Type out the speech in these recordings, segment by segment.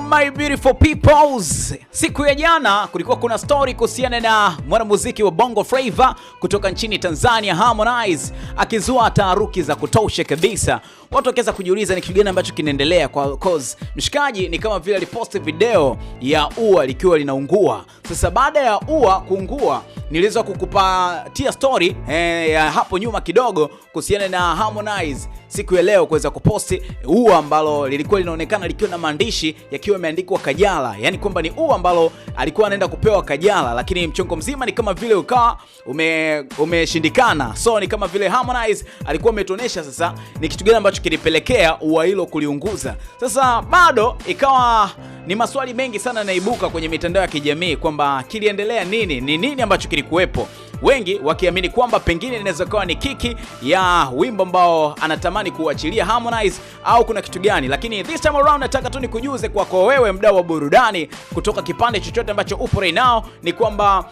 my beautiful peoples. Siku ya jana kulikuwa kuna story kuhusiana na mwanamuziki wa Bongo Flava kutoka nchini Tanzania Harmonize akizua taharuki za kutosha kabisa. Watu wakiweza kujiuliza ni kitu gani ambacho kinaendelea kwa cause mshikaji ni kama vile aliposti video ya ua likiwa linaungua. Sasa baada ya ua kuungua niliweza kukupatia story eh, ya hapo nyuma kidogo kuhusiana na Harmonize siku ya leo kuweza kuposti ua ambalo lilikuwa linaonekana likiwa na maandishi ya ikiwa imeandikwa Kajala, yani kwamba ni uu ambalo alikuwa anaenda kupewa Kajala, lakini mchongo mzima ni kama vile ukawa ume umeshindikana. So ni kama vile Harmonize alikuwa ametuonyesha sasa ni kitu gani ambacho kilipelekea ua hilo kuliunguza. Sasa bado ikawa ni maswali mengi sana yanaibuka kwenye mitandao ya kijamii kwamba kiliendelea nini, ni nini ambacho kilikuwepo, wengi wakiamini kwamba pengine inaweza kuwa ni kiki ya wimbo ambao anatamani kuachilia Harmonize au kuna kitu gani, lakini this time around nataka tu nikujuze kwako wewe mdau wa burudani kutoka kipande chochote ambacho upo right now ni kwamba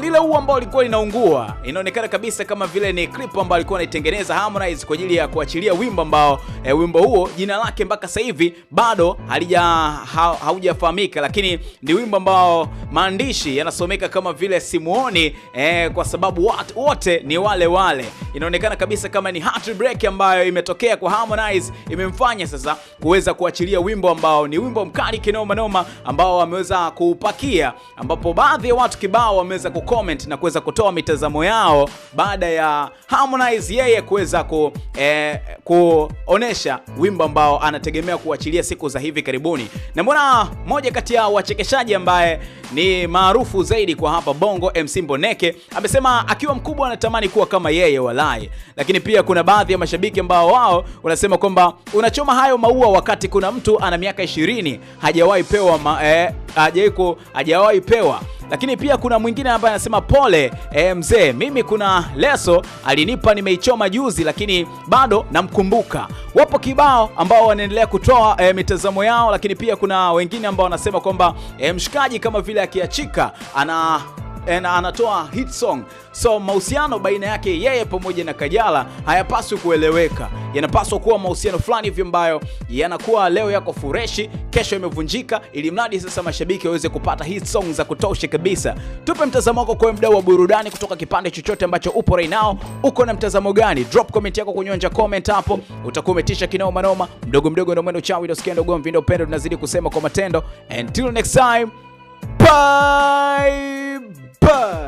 lile ua ambao lilikuwa linaungua inaonekana kabisa kama vile ni clip ambayo alikuwa anaitengeneza Harmonize kwa ajili ya kuachilia wimbo ambao e, wimbo huo jina lake mpaka sasa hivi bado halija ha, haujafahamika, lakini ni wimbo ambao maandishi yanasomeka kama vile simuoni e, kwa sababu watu wote ni wale wale. Inaonekana kabisa kama ni heartbreak ambayo imetokea kwa Harmonize, imemfanya sasa kuweza kuachilia wimbo ambao ni wimbo mkali kinoma noma ambao ameweza kuupakia, ambapo baadhi ya watu kibao wameweza kucomment na kuweza kutoa mitazamo yao baada ya Harmonize yeye kuweza ku, eh, kuonesha wimbo ambao anategemea kuachilia siku za hivi karibuni. Na mbona moja kati ya wachekeshaji ambaye ni maarufu zaidi kwa hapa Bongo, MC Mboneke amesema akiwa mkubwa anatamani kuwa kama yeye walai. Lakini pia kuna baadhi ya mashabiki ambao wao wanasema kwamba unachoma hayo maua wakati kuna mtu ana miaka 20 hajawahi pewa ma, eh, hajawahi pewa lakini pia kuna mwingine ambaye anasema pole e, mzee, mimi kuna leso alinipa nimeichoma juzi, lakini bado namkumbuka. Wapo kibao ambao wanaendelea kutoa e, mitazamo yao, lakini pia kuna wengine ambao wanasema kwamba e, mshikaji kama vile akiachika ana na anatoa hit song. So mahusiano baina yake yeye pamoja na Kajala hayapaswi kueleweka, yanapaswa kuwa mahusiano fulani hivyo ambayo yanakuwa leo yako fureshi, kesho imevunjika ili mradi sasa mashabiki waweze kupata hit song za kutosha kabisa. Tupe mtazamo wako kwa mdau wa burudani kutoka kipande chochote ambacho upo right now. Uko na mtazamo gani? Drop comment yako kunyonja comment hapo, utakuwa umetisha kinoma noma. Mdogo mdogo ndio mwendo chao ndio skendo gomvi, ndio pendo tunazidi kusema kwa matendo. Until next time, bye. Super